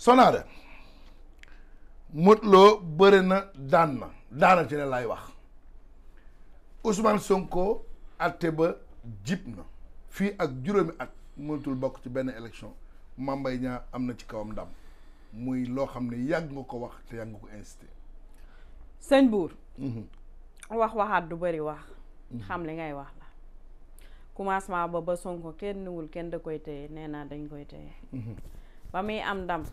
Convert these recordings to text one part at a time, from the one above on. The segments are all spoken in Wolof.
sonaare Modou Lo bëri na daan na daana ci ne laay wax Ousmane Sonko atte ba jib na fii ak juróomi ak mënatul bokk ci benn élection mambay ñaa am na ci kawam ndam muy loo xam ne yàgg nga ko wax te yàgg nga ko insisté sëñ buur mhm. wax waxaat du bari wax mhm. xam li ngay wax la commencement ba ba Sonko kenn nuwul kenn da koy téye nee naa dañ koy téye mhm. ba muy am ndam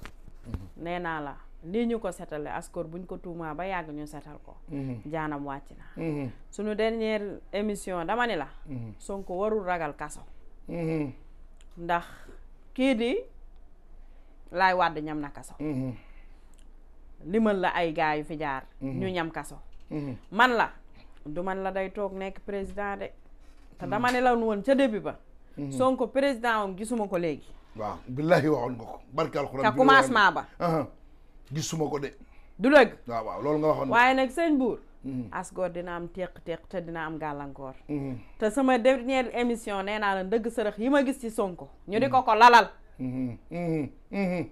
nee naa la nii ñu ko setale askor buñ ko tuumaa ba yàgg ñu setal ko mhm. jaanam wàcc na mhm. suñu dernière émission dama ni la mhm. Sonko warul ragal kaso ndax kii di lay wàdd ñam na kaso limal la ay gaay yu fi jaar ñu ñam kaso man la du man la day toog nekk président de te dama ne la woon ca début ba Sonko président am gisuma ko léegi waaw billahi waxoon nga ko barki alxuraan te commencement ba gisuma ko de du dëgg waaw waaw loolu nga waxoon waaye nag sëñ buur mhm. asgoor dina am teq-teq te dina am gàllankoor mhm. te sama dernière émission nee naa la ndëgg sërëx yi ma gis ci Sonko ñu di ko ko lalal mhm,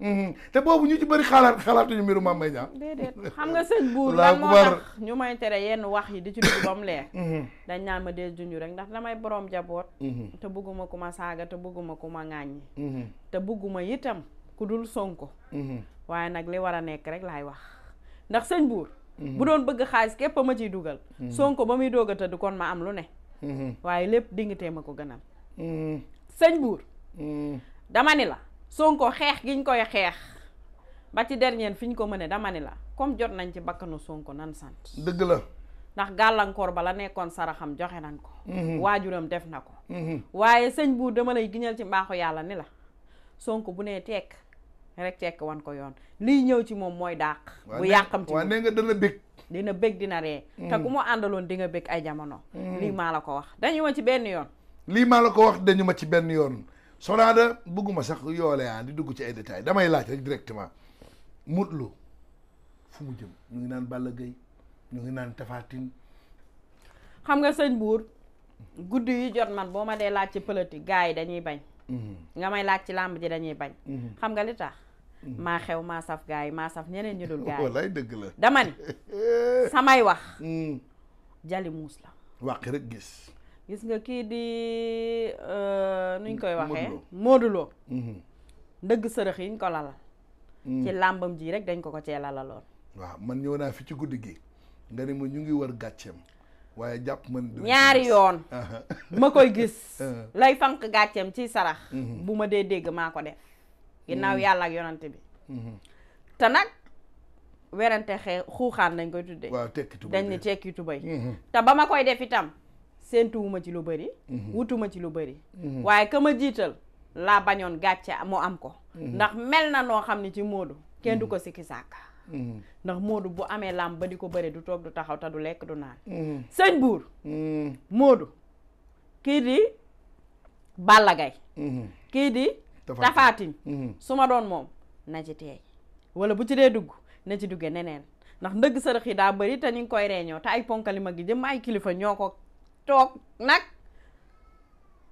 Mm-hmm. te boobu ñu ci bëri xalaat xalaatuñu mbiru Mame Mbaye Niang déedéet xam nga sëñ buur lan moo tax may tere yenn wax yi di ci dugg ba mm-hmm. dañ naan ma dee junj rek ndax damay borom jaboot mm-hmm. te bëgguma ku saaga te bëgguma ku ma ŋàññi te bëgguma itam ku dul Sonko waaye nag li war a nekk rek laay wax ndax sëñ buur bu doon bëgg xaalis képp ma ciy dugal Sonko ba muy doog a tëdd kon ma am lu ne waaye lépp dingitee ma ko gënal sëñ buur dama ni la Sonko xeex giñ koy xeex ba ci dernier fi ñu ko mënee dama ni la comme jot nañ ci bakkanu Sonko nan sant. dëgg la. ndax gàllankoor ba la nekkoon saraxam joxe nañ ko. Mhm. waajuram def na ko. Mhm. waaye sëñ buur dama lay giñal ci mbaaxu yàlla ni la Sonko bu nee tekk rek tekk wan ko yoon liy ñëw ci moom mooy dàq. bu yàqam ci ne nga dana bég. dina bég dina ree. Mhm. te ku mu àndaloon di nga bég ay jamono. lii maa la ko wax dañu ma ci benn yoon. lii maa la ko wax dañu ma ci benn yoon. Sonaada bëgguma sax yoole aan ah di dugg ci ay damay laaj rek directement Modou lu fu mu jëm ñu ngi naan Balla Gaye ñu ngi naan Tapha xam nga sëñ buur guddi yu jot man boo ma dee laaj ci politique gaa yi dañuy bañ mhm. nga may laaj ci làmb ji dañuy bañ mhm. xam nga li tax mhm. maa xew maa saf gaa yi maa saf ñeneen ñu dul gars yi dëgg la dama ni samay wax jali muus la wàq rek gis gis nga kii di euh, nuñ koy waxee Modou Lo mhm. ndëgg sërëx yiñ ko lalal mhm. ci làmbam ji rek dañ ko ko cee lalaloon waaw man ñëw naa fi ci guddi gi nga ne ma ñu ngi war gàcceem waaye jàpp man ñaari yoon ma koy gis lay fanq gàcceem ci sarax mhm. bu ma dee dégg maa ko def ginnaaw yàlla ak yonante bi te nag werante xee xuuxaan dañ koy tuddee waaw tekki tubay dañ ne tekki te ba ma koy def itam séentuwuma ci lu bari mhm. wutuma ci lu bari mhm. waaye ka ma jiital laa bañoon gàcce mu am ko mhm. ndax mel na noo xam ne ci Modou kenn du ko sikki sàkk ndax Modou bu amee làmb ba di ko bëri du toog du taxaw te du lekk du naan sëñ buur Modou kii di Balla kii di Tapha su ma doon moom na ci teey wala bu ci dee dugg na ci duggee neneen ndax ndëgg sërëx yi daa bari te ñu ngi koy reeñoo te ay ponkali mag yi jëm ay kilifa ñoo ko toog nag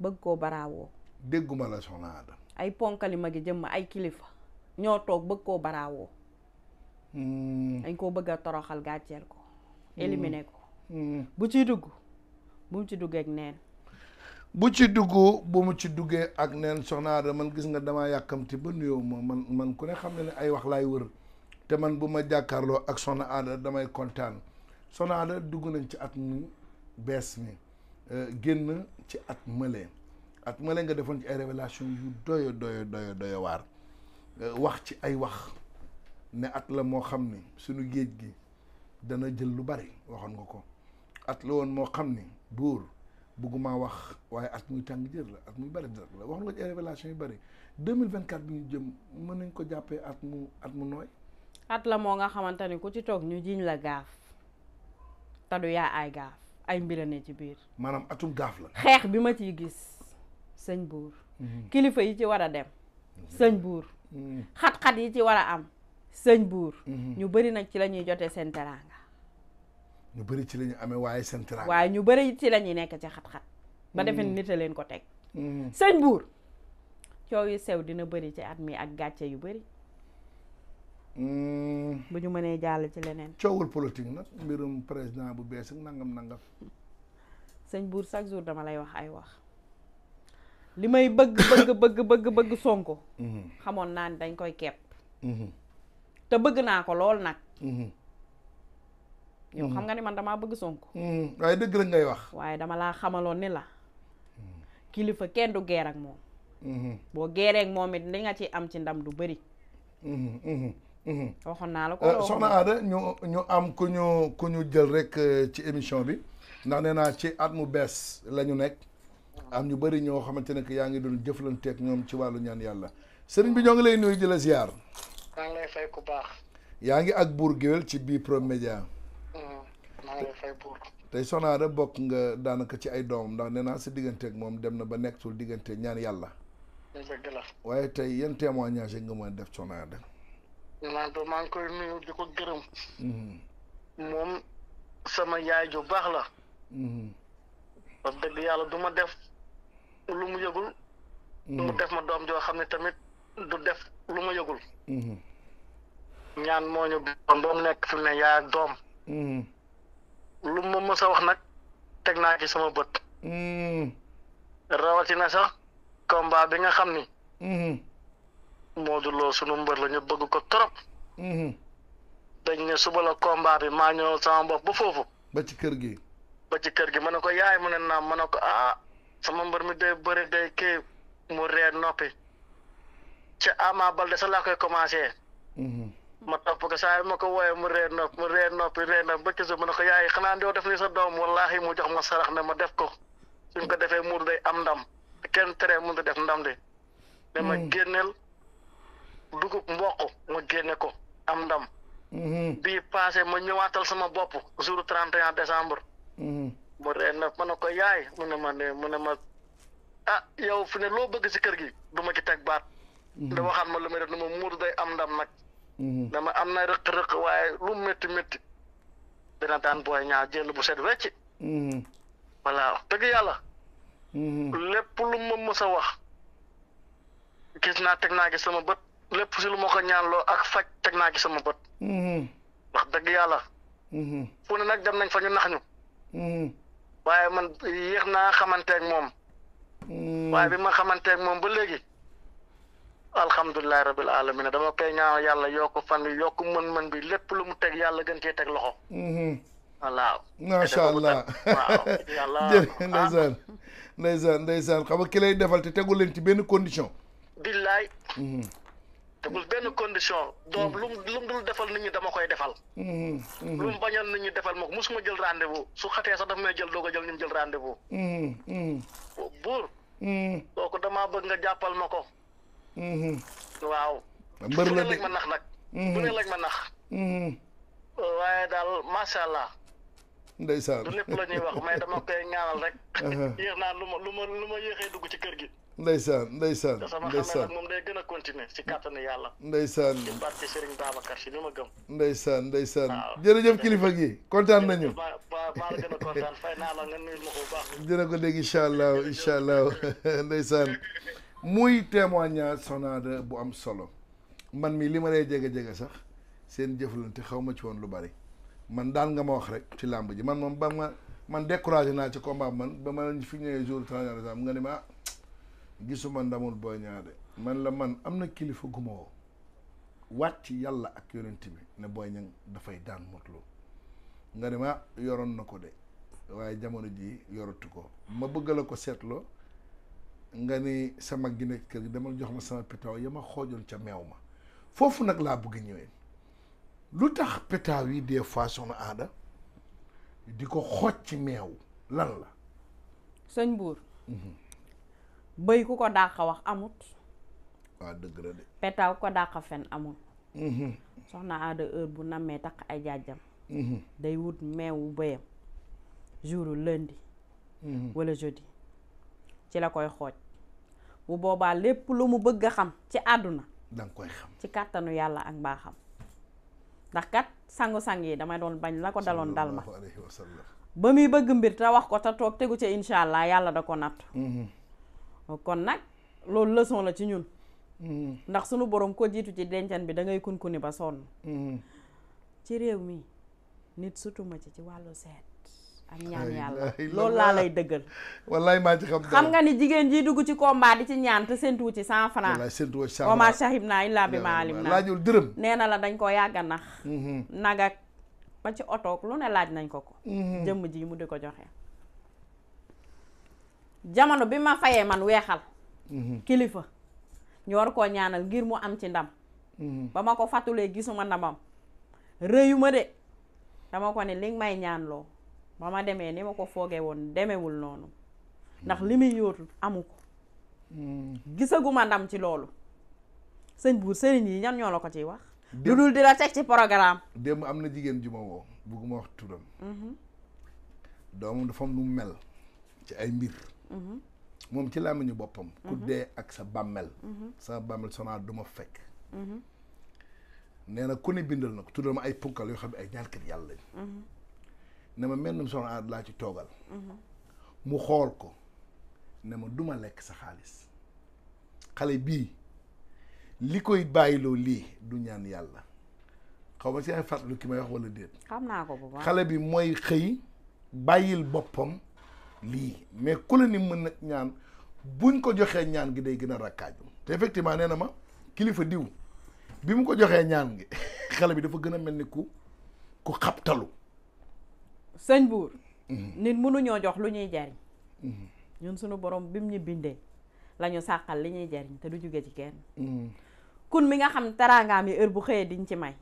bëgg koo baraawoo dégguma la soxna Ada ay ponkali magi jëmm ay kilifa ñoo toog bëgg koo baraawoo hmm. dañ koo bëgg a toroxal gàcceel ko hmm. éliminer ko hmm. bu ci dugg bu mu ci duggee ak neen bu ci dugg bu mu ci duggee ak neen soxna Ada man gis nga damaa yàkkamti ba nuyoo ma man man ku ne xam ne ne ay wax laay wër te man bu ma jàkkaarloo ak soxna Ada damay kontaan soxna Ada dugg nañ ci at mi bees mi euh, génn ci at mële at mële nga defoon ci ay révélation yu doyo doyo doyo doyo waar euh, wax ci ay wax ne at la moo xam ni sunu géej gi dana jël lu bari waxoon nga ko at la woon moo xam ni buur bëgguma wax waaye at muy tàng jër la at mu bari la wax nga ci ay révélation yu bari deux mille vingt quatre bi ñu jëm mën nañ ko jàppee at mu at mu nooy at la moo nga xamante ni ku ci toog ñu jiiñ la gaaf te yaa ay gaaf ay mbira ne ci biir. maanaam atum gaaf la. xeex bi ma ciy gis sëñ buur. Mhm. kilifa yi ci war a dem. Mhm. sëñ buur. Mhm. xat-xat yi ci war a am. sëñ buur. ñu bari nag ci la ñuy jotee seen teraanga. ñu bëri ci la ñu waaye seen waaye ñu bëri ci la nekk ci xat-xat. ba defe nit a leen ko teg. sëñ buur coow yi sew dina bëri ci at mii ak gàcce yu bari Hmm. bu ñu mënee jàll ci leneen. coowul politique nag mbirum président bu bees nangam nangam. sëñ buur chaque jour dama lay wax ay wax li may bëgg bëgg bëgg bëgg bëgg Sonko. Hmm. xamoon naa ni dañ koy kepp hmm. te bëgg naa ko lool nag. yow xam nga ni man damaa bëgg sonk waaye dëgg la ngay wax. waaye dama laa xamaloon ni la. kilifa kenn du geer ak moom. boo geeree ak moom it li nga ci am ci ndam du bëri. Mhm. waxoon naa la ko euh, soxna Aada ñu ñu am ku ñu ku ñu jël rek euh, ci émission bi ndax nee naa ci at mu bees lañu nekk am ñu bari ñoo xamante ne que yaa ngi doon jëflanteek ñoom ci wàllu ñaan yàlla sëriñ bi ñoo ngi lay nuyu di la ziar. maa ngi yaa ngi ak buur géwél ci bii Prod Média. Mhm. maa ngi lay fay buur. tey soxna bokk nga daanaka ci ay doomam ndax nee naa sa digganteeg moom dem na ba nekkatul diggante ñaan yàlla. dëgg la waaye tey yan témoignage nga mën a def soxna man maa ngi koy nuyu di ko gërëm. Mm-hmm. moom sama yaay ju baax la. Mm-hmm. wax dëgg yàlla du ma def lu mu yëgul. Mm-hmm. mu def ma doom joo xam ne tamit du def lu ma yëgul. ñaan moo ñu doon doom nekk fi ne yaay doom. lu ma mës wax nag teg naa ci sama bët. rawatina sax combat bi nga xam ni. Modou Lo sunu mbër la ñu bëgg ko trop. Mhm. dañ ne suba la combat bi maa ñëw sama mbokk ba foofu. ba kër gi. ba ci kër gi mën ne ko yaay mën a naam ma ne ko ah sama mbër mi day bëri day kii mu reer noppi. ca Ama Balde sa laa koy commencé. Mhm. ma topp ko saa ma ko wooyee mu ree noppi mu reer noppi reer ba ci suba ma ne ko yaay xanaa doo def ni sa doom wallaahi mu jox ma sarax ne ma def ko suñ ko defee muur day am ndam kenn tere mënut a def ndam de. ma mhm. génneel. dugub mboq ma génne ko am ndam. Mhm. bii passé ma ñëwaatal sama bopp jour trente et un décembre. mu mhm. reen na ma ne ko yaay mu ma ne mu ne ma ah yow fu ne loo bëgg si kër gi du ma ci teg baat. Mhm. da waxaat ma lu may na ne ma muur day am ndam nag. dama am na rëq-rëq waaye lu métti métti dina daan booy ñaar jël bu set wecc. voilà dëgg yàlla. lépp lu ma mës a wax gis naa teg naa gis sama bët. lépp si lu ma ko ñaanloo ak faj teg naa ci sama bët. Mm-hmm. wax dëgg yàlla. Mm-hmm. fu ne nag dem nañ fa ñu nax ñu. Mm-hmm. waaye man yeex naa xamanteeg moom. waaye bi ma xamanteeg moom ba léegi. alhamdulilah rabil alamin dama koy ñaan yàlla yokk fan yokk mën-mën bi lépp lu mu teg yàlla gën cee teg loxo. voilà. macha allah jërëjëf ndeysaan ah. ndeysaan ndeysaan xam nga ki lay defal te tegu leen ci benn condition. billaay. tegul benn condition. doom mm. lu lu dul defal nit ñi dama koy defal. Mm. Mm. lu mu bañal nit ñi defal ma ko musuma jël rendez vous su xatee sax daf may jël doo ko jël ñu jël rendez vous. buur. kooku damaa bëgg nga jàppal ma ko. Mm-hmm. waaw. mbër la de lañ ma nax nag. bu ne mm-hmm. lañ ma nax. Mm-hmm. waaye daal macha allah. ndeysaan du lépp la ñuy wax mais dama koy ñaanal rek. Uh-huh. lu ma lu ma lu ma yéexee dugg ci kër gi. ndeysaan ndeysaan ndeysaan te sama xam moom day gën a continuer si kàttanu yàlla. ndeysaan ci barke si li ma gëm. ndeysaan ndeysaan jërëjëf kilifa gi kontaan nañu. ba ba gën a la nga nuyu ma ko bu baax. dina ko dégg incha allah incha allah ndeysaan muy témoignage Soxna bu am solo man mi li ma lay jege jege sax seen jëflante xaw ma ci woon lu bari. man daal nga ma wax rek ci làmb ji man moom ba ma man découragé naa ci combat man ba ma fi ñëwee jour 31 nga ne ma ah gisuma ndamul booy ñaar de man la man am na kilifa gu ma woo wàcc yàlla ak yonent bi ne booy ñang dafay daan motlu nga ne ma yoroon na ko de waaye jamono jii yoratu ko ma bëgg la ko seetloo nga ne sama gi kër gi demal jox ma sama pitaw ya ma xoojoon ca meew ma foofu nag laa bëgg ñëwee lu tax pétaaw yi des fois aada di ko xooj ci meew lan la sëñ buur mhm. bëy ku ko dàq wax amut waaw dëgg la de pétaaw ko dàq fen amul mhm. soxna aada heure bu nammee takk ay jaajam mhm. day wut meewu bëyam jouru lundi wala jeudi ci la koy xooj bu boobaa lépp lu mu bëgg a xam ci àdduna danga koy xam ci kàttanu yàlla ak mbaaxam ndax kat sangu-sang yi dama doon bañ la ko daloon dal ma ba muy bëgg mbir te wax ko te toog tegu ca incha allah yàlla da ko natt mm-hmm. kon nag loolu leçon la ci ñun mm-hmm. ndax sunu borom ko jiitu ci dencan bi da ngay kunkuni ba sonn mm-hmm. ci réew mi nit sutuma ci ci wàllu seet ak ñaan yàlla loolu laa lay dëggal wallaay maa ci xam xam nga ni jigéen ji dugg ci combat di ci ñaan te séntuwu ci cent franc oma sahib naa illaa bi maalim naa laajul dërëm nee na la dañ ko yàgga nax mm-hmm. nagak ba ci otoog lu ne laaj nañ ko ko mm-hmm. jëmm ji mu di ko joxe jamono bi ma fayee man weexal mm-hmm. kilifa ñu war koo ñaanal ngir mu am ci ndam ba ma ko fàttulee gisuma ndamam rëyu ma de dama ko ne li nga may ñaan loo ba ma demee ni ma ko foogee woon demewul noonu hmm. ndax li muy yóotu amu ko hmm. gisaguma ndam ci loolu sëñ buur sëriñ yi ñan ñoo la ko ciy wax lu dul di la teg ci programme démb am na jigéen ju ma woo bugguma wax turam mhm. doomam dafa mu mel ci ay mbir mhm. moom ci làmmiñu boppam mhm. ku dee ak sa bàmmel sa bàmmel sonaa du fekk nee na ku ne bindal na ko tuddal ma ay punkal yoo xam ne ay ñaankat yàlla lañ ne ma mel ni soxna Ada laa ci toogal. mu xool ko ne ma duma lekk sa xaalis xale bii li koy bàyyiloo lii du ñaan yàlla xaw ma si ay fàttali ki may wax wala déet. xam naa ko bu xale bi mooy xëy bàyyil boppam lii mais ku la ni mën nag ñaan buñ ko joxee ñaan gi day gën a rakkaaju te effectivement nee na ma kilifa diw bi mu ko joxee ñaan gi xale bi dafa gën a mel ni ku ku xabtalu. sëñ buur mhm. nit mënuñoo jox lu ñuy jariñ mhm. ñun sunu borom bim ñu bindee la ñu sàqal li ñuy jariñ te du jóge ci kenn mhm. kun mi nga xam teraangaam yi heure bu xëyee diñ ci may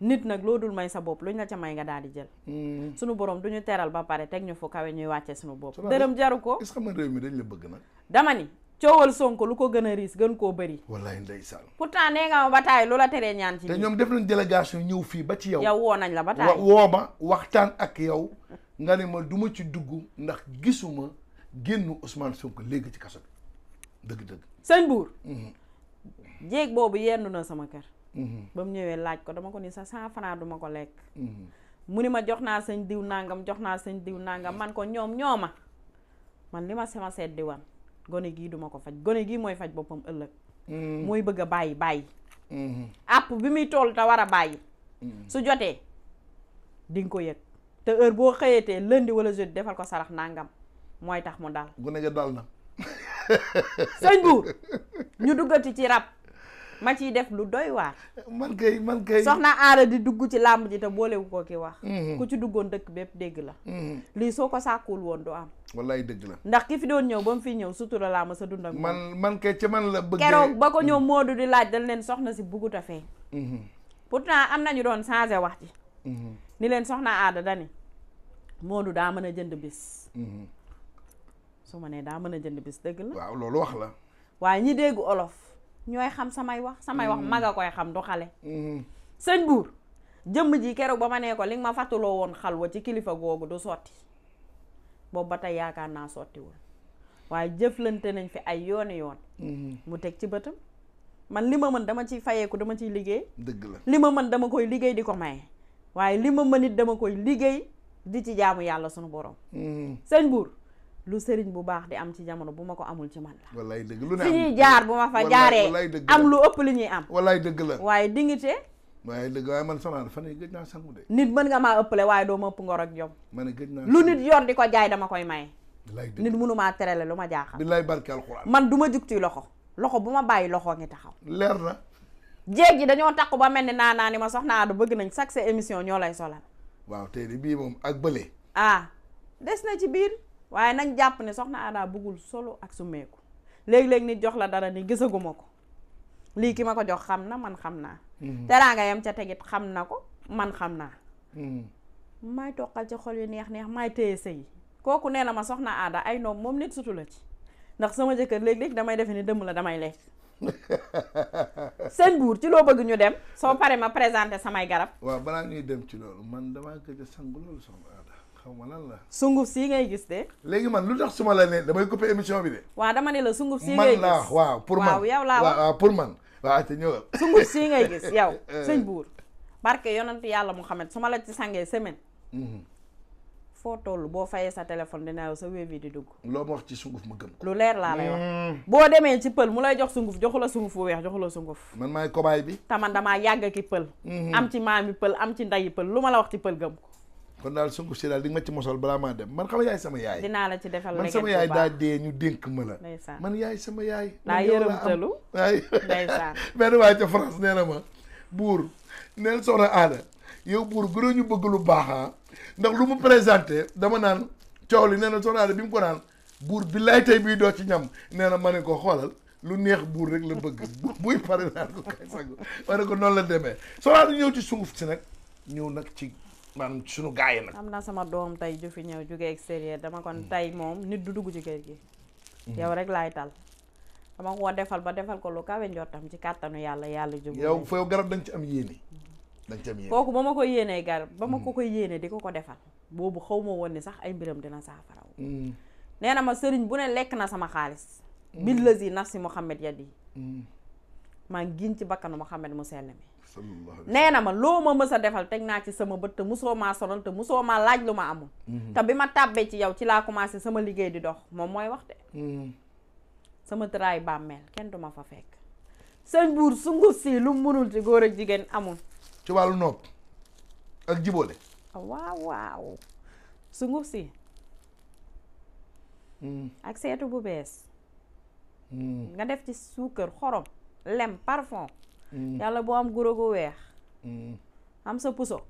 nit nag loo dul may sa bopp lu luñ la ca may nga daal di jël sunu borom du ñu teral ba pare teg ñu fu kawe ñuy wàcce suñu bopp dërëm jaru ko est-ce que man réew mi dañ la bëgg nag dama ni coowal Sonko lu ko gën a riis gën koo bëri. wallaay ndeysaan. pourtant nee nga ma ba taay loola teree ñaan ci. te ñoom def nañ délégation ñëw fii ba ci yow. yow woo nañ la ba taay woo ma waxtaan ak yow nga ne ma du ma ci dugg ndax gisuma génn Ousmane Sonko léegi ci kaso bi dëgg-dëgg. sëñ Buur. Mhm. jéeg boobu yendu na sama kër. Mhm. ba mu ñëwee laaj ko dama ko ni sa cent franc duma ko lekk. Mhm. mu ni ma jox naa sëñ diw nangam jox naa sëñ diw nangam man ko ñoom ñooma man li ma sama seet di wan. gone gii duma ko faj gone gii mooy faj boppam ëllëg mm-hmm. mooy bëgg a bàyyi bàyyi àpp mm-hmm. bi muy toll te war a bàyyi mm-hmm. su jotee di ko yëg te heure boo xëyatee lundi wala jeudi defal ko sarax nangam mooy tax mu dal gone ga dal na sëñ buur ñu duggati ci rab ma ciy def lu doy waar. man kay man kay. soxna aada di dugg ci làmb ji te boolewu ko ki wax. Mhm. ku ci duggoon dëkk bépp dégg la. Mhm. lii soo ko sàkkuwul woon du am. wallaay dëgg la ndax ki fi doon ñëw ba mu fi ñëw sutura laa ma sa dund ak man man kay ci man la bëgg keroog ba ko ñëw mhm. Modou di laaj dañ leen soxna si bugut a feeñ pourtant am nañu doon changé wax ji ni leen soxna aada dani Modou daa mën a jënd bis su ma nee daa mën a jënd bis dëgg la waaw loolu wax la ñooy xam samay wax samay wax mm-hmm. mag a koy xam du xale mm-hmm. sëñ buur jëmm ji keroog ba ma nee ko li nga ma fàttaloo woon xalwa ci kilifa googu du sotti boobu ba tey yaakaar naa sottiwul waaye jëflante nañ fi ay yooni yoon mm-hmm. mu teg ci bëtam man li ma mën dama ciy fayeeku dama ciy liggéey dëgg li ma mën dama koy liggéey di ko maye waaye li ma mën it dama koy liggéey di ci jaamu yàlla sunu borom sëñ buur lu sëriñ bu baax di am ci jamono bu ma ko amul ci man la wallaay dëgg lu ne fi ñuy jaar bu ma fa jaaree am lu ëpp li ñuy am wallaay dëgg la waaye dignité waaye dëgg waaye man soxna fan yi gëj naa sangu de nit mën nga maa ëppale waaye doo ma ëpp ngor ak jom man gëj lu nit yor di ko jaay dama koy maye nit mënumaa terele lu ma jaaxal billaay barke alxuraan man du ma jug ci loxo loxo bu ma bàyyi loxo ngi taxaw leer na jéeg yi dañoo takku ba mel ni naanaa ni ma soxna Adu bëgg nañ chaque émission ñoo lay solal waaw tey de bii ak bële ah waaye nañ jàpp ne soxna Ada bëggul solo ak su meeku léegi-léegi nit jox la dara ni gisaguma ko lii ki ma ko jox xam na man xam naa mm-hmm. teraanga yam ca tegit xam na ko man xam naa mm-hmm. maay toqal ci xol yu neex neex maay téye sëy kooku nee na ma soxna aada ay noom moom nit sutu la ci ndax sama jëkkër léeg-léeg damay defe ni dëmm la damay lekk seen buur ci loo bëgg ñu dem soo paree ma présenté samay garab waaw balaa ñuy dem ci loolu man damaa gëj a sangu loolu soxna ma lan la. sunguf sii ngay gis de. léegi man lu tax su la ne damay coupé émission bi de. waaw dama ne la sunguf sii ngay gis man la eh. buur barke yonent yàlla Muhammad su ma la ci sangee semaine. Mhm. foo toll boo fayee sa téléphone dinaa yow sa wéb yi di dugg. loo ma wax ci sunguf ma gëm ko. lu leer laa lay wax. Mm. boo demee ci pël mu lay jox sunguf joxu la sunguf bu weex joxu la sunguf. man maay cobaye bi. taman damaa yàgg ki pël. Mhm. am ci maami pël am ci ndayi pël lu ma la kon daal sunguf si daal di nga ma ci mosal balaa maa dem man xam nga yaay sama yaay. dinaa la ci defal man sama yaay daa dee ñu dénk ma la. man yaay sama yaay. daa yërëmtalu waay ndeysaan. benn waay ca France nee na ma buur neel soxna aada yow buur gënoon ñu bëgg lu baax ah. ndax lu mu présenté dama naan coow li nee na soxna aada bi mu ko naan buur bi laay tey bii doo ci ñam nee na ma ne ko xoolal. lu neex buur rek la bëgg buy pare naan ko kay sangu ma ne ko noonu la demee soxna aada ñëw ci sunguf si nag ñëw nag ci maanaam sunu gaay yi nag. am na sama doom tey ju fi ñëw jóge extérieur dama kon hmm. tey moom nit du dugg ci kër gi. Hmm. yow rek laay tal. dama ko defal ba defal ko lu kawe njottam ci kàttanu yàlla yàlla jóg. yow foofu garab dañ ci am yéene. dañ ci am ba ma ko yéenee garab ba ma hmm. ko ko yéenee di ko ko defal. boobu xaw ma woon ni sax ay mbiram dina saafara. nee na ma sëriñ bu ne lekk na sama xaalis. yi si nafsi Muhammad yadi. maa ngi giñ ci bakkanu Muhammad mu sell mi nee na ma loo ma mës a defal teg naa ci sama bët te musoo maa sonal te musoo maa laaj lu ma amul mhm. te bi ma tàbbee ci yow ci laa commencé sama liggéey di dox moom mooy wax de mhm. sama tëraay bàmmeel kenn du ma fa fekk sëñ buur sunguf si lu munul ci góor ak jigéen amul ci wàllu nopp ak jiboole ah, waaw waaw sunguf si mhm. ak seetu bu bees nga def ci suukar xorom lem parfum Mm. yàlla boo am guro gu weex mm. am sa puso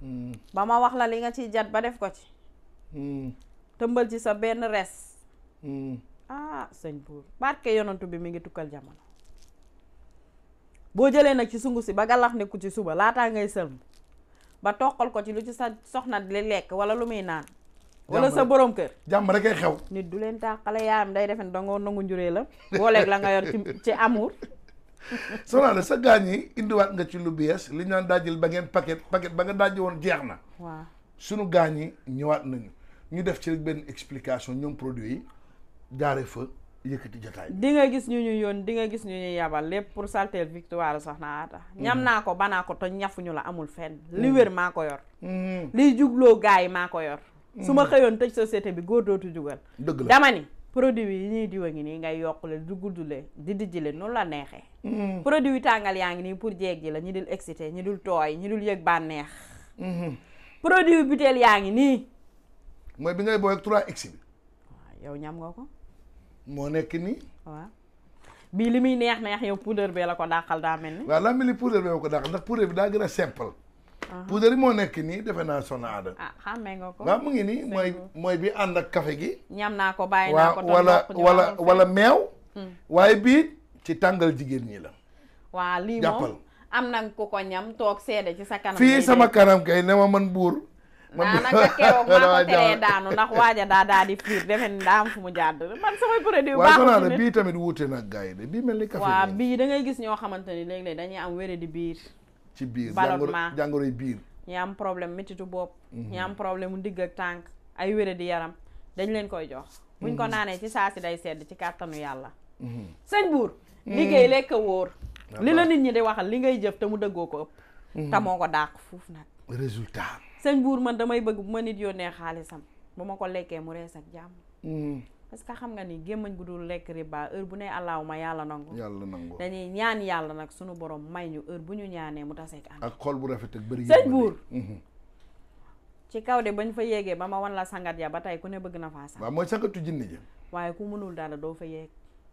mm. ba ma wax la li nga ci jat ba def ko ci tëmbal ci sa benn res ah sëñ buur barke yonantu bi mi ngi tukkal jamono boo jëlee nag ci sungu si ba gallax nekku ci suba laataa ngay sëlm ba toqal ko ci lu ci sa soxna di lekk wala lu muy naan wala sa borom kër jàmm rek ay xew nit du leen tàqale yaayam day defen dangoo nangu njuree la booleeg la nga yor ci ci soo soxna sa gaañ yi indiwaat nga ci lu bees li ñu naan daajil ba ngeen paquet paquet ba nga daaj woon jeex na. waaw sunu gaañ yi ñëwaat nañu ñu def ci benn explication ñoom produit yi jaaree fa yëkkati jotaay. di nga gis ñu ñu yoon di nga gis ñu ñu yabal lépp pour saltel victoire soxna Atta. Mm-hmm. ñam naa ko banaa ko to ñafuñu la amul fenn. Mm-hmm. li wér maa ko yor. Mm-hmm. liy jugloo gars yi maa ko yor. su ma xëyoon tëj société bi góor dootu jugal. dëgg la dama ni. produit yi ñuy diwa ngi nii ngay yokkule du guddule di dijjile noonu la neexee. Mm-hmm. produit tàngal yaa ngi nii pour jeeg ji la ñu dul excité ñu dul tooy ñu dul yëg bànneex. Mm-hmm. produit butéel yaa ngi nii. mooy bi ngay booy ak trois x bi. yow ñam nga ko. moo nekk nii. waaw bii li muy neex neex yaw poudre bee la ko dàqal daa mel ni. waaw daa mel ni poudre bee la ko dàqal ndax poudre bi daa gën a simple. poudre moo nekk nii defe naa sonaada. ah xàmmee nga ko waaw mu ngi nii mooy mooy bi ànd ak café gi. ñam naa ko bàyyi naa ko wala wala wala meew. Hmm. tàngal jigéen ñi la. waa lii moom am na ku ko ñam toog seede ci sa kanam. fii sama kanam kay ne ma man buur. man daanaka keroog maa ko teree daanu ndax waaja daa daa di fiir defe ni daa am fu mu jàdd man samay produit baaxul waaw bii tamit wuute na ak de bii mel ni. café bi waaw da ngay gis ñoo xamante ni léeg-léeg dañuy am wéré di biir. ci biir jàngoro jàngoroy biir ñi am problème métitu bopp mhm. ñi am problème mu digg ak tànk ay wére di yaram dañ leen koy jox buñ ko mhm. naanee ci saa si day sedd ci kàttanu yàlla mhm. sëñ buur liggéey lekk wóor li la nit ñi di waxal li ngay jëf te mu dëggoo ko ëpp te moo ko dàq fuuf nag résultat sëñ buur man damay bëgg bu ma nit yónnee xaalisam bu ma ko lekkee mu rees ak jàmm parce que xam nga ni gémmañ gu dul lekk riba heure bu ne alaaw ma yàlla nangu yàlla nangu dañuy ñaan yàlla nag sunu borom may ñu heure bu ñu ñaanee mu taseek am ak xol bu rafet ak bëri sëñ buur mhm. ci kaw de bañ fa yéegee ba ma wan la sangat ya ba tey ku ne bëgg na faa sax waaw mooy sangatu jinni ja waaye ku mënul dara doo fa yéeg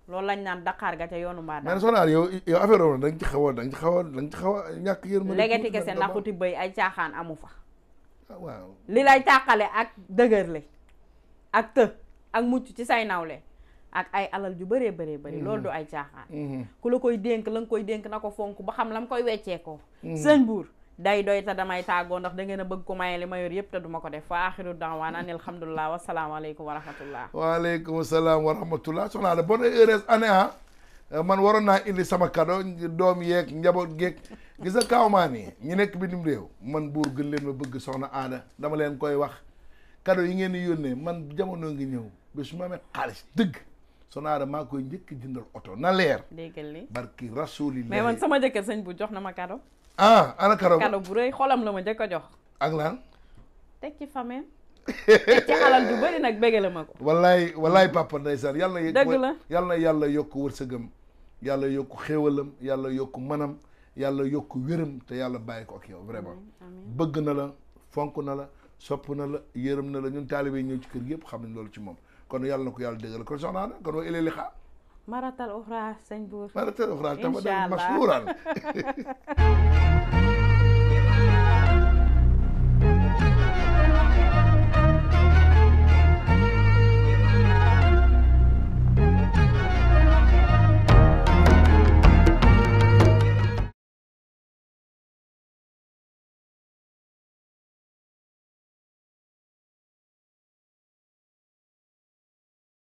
loolu lañ naan Dakar ga ca yoonu mbaa mais soxna yow a da xaw a da nga ci xaw a ñàkk yërmande légeti kese naquti bëy ay caaxaan amu fa ah, waaw li lay tàqale ak dëgërle ak të ak mucc ci say nawle ak ay alal ju bëree bëree bëri mm-hmm. loolu du ay caaxaan mm-hmm. ku la koy dénk la nga koy dénk na ko fonk ba xam la mu koy weccee ko mm-hmm. sëñ buur day doy te damay tàggoo ndax da ngeen a bëgg ko maye li ma yor yëpp te duma ko def fa axiru daawaana an alhamdulilah wasalaamaaleykum wa rahmatullah waaleykum salaam wa rahmatullah soxna la ah. euh, man waroon naa indi sama cadeau doom yeeg njaboot geeg gis nga kaawmaan yi ñu nekk bi bitim réew man buur gën leen ma bëgg soxna aada dama leen koy wax cadeau yi ngeen di yónnee man jamono ngi ñëw ba su ma amee xaalis dëgg sonaara maa koy njëkk jëndal oto na leer. déggal li barki rasulilah. mais man sama jëkkër sëñ bu jox na ma kado. ah ana kado kado bu rëy xolam la ma njëkk a jox. ak lan. teg ci famille. teg ci xalal du bëri nag bégale ma ko. wallaay yàlla na. dëgg la yàlla na yàlla yokk wërsëgam. yàlla yokk xéewalam yàlla yokk manam yàlla yokk wéram te yàlla bàyyi ko ak yow vraiment. bëgg na la fonk na la sopp na la yërëm na la ñun taalibe ñëw ci kër yëpp xam nañ loolu ci moom. kon yàlla na ko yàlla dëggal kon soxna na kon wa ilay li xaa maratal uxra sëñ buur maratal uxra tama da mashuuran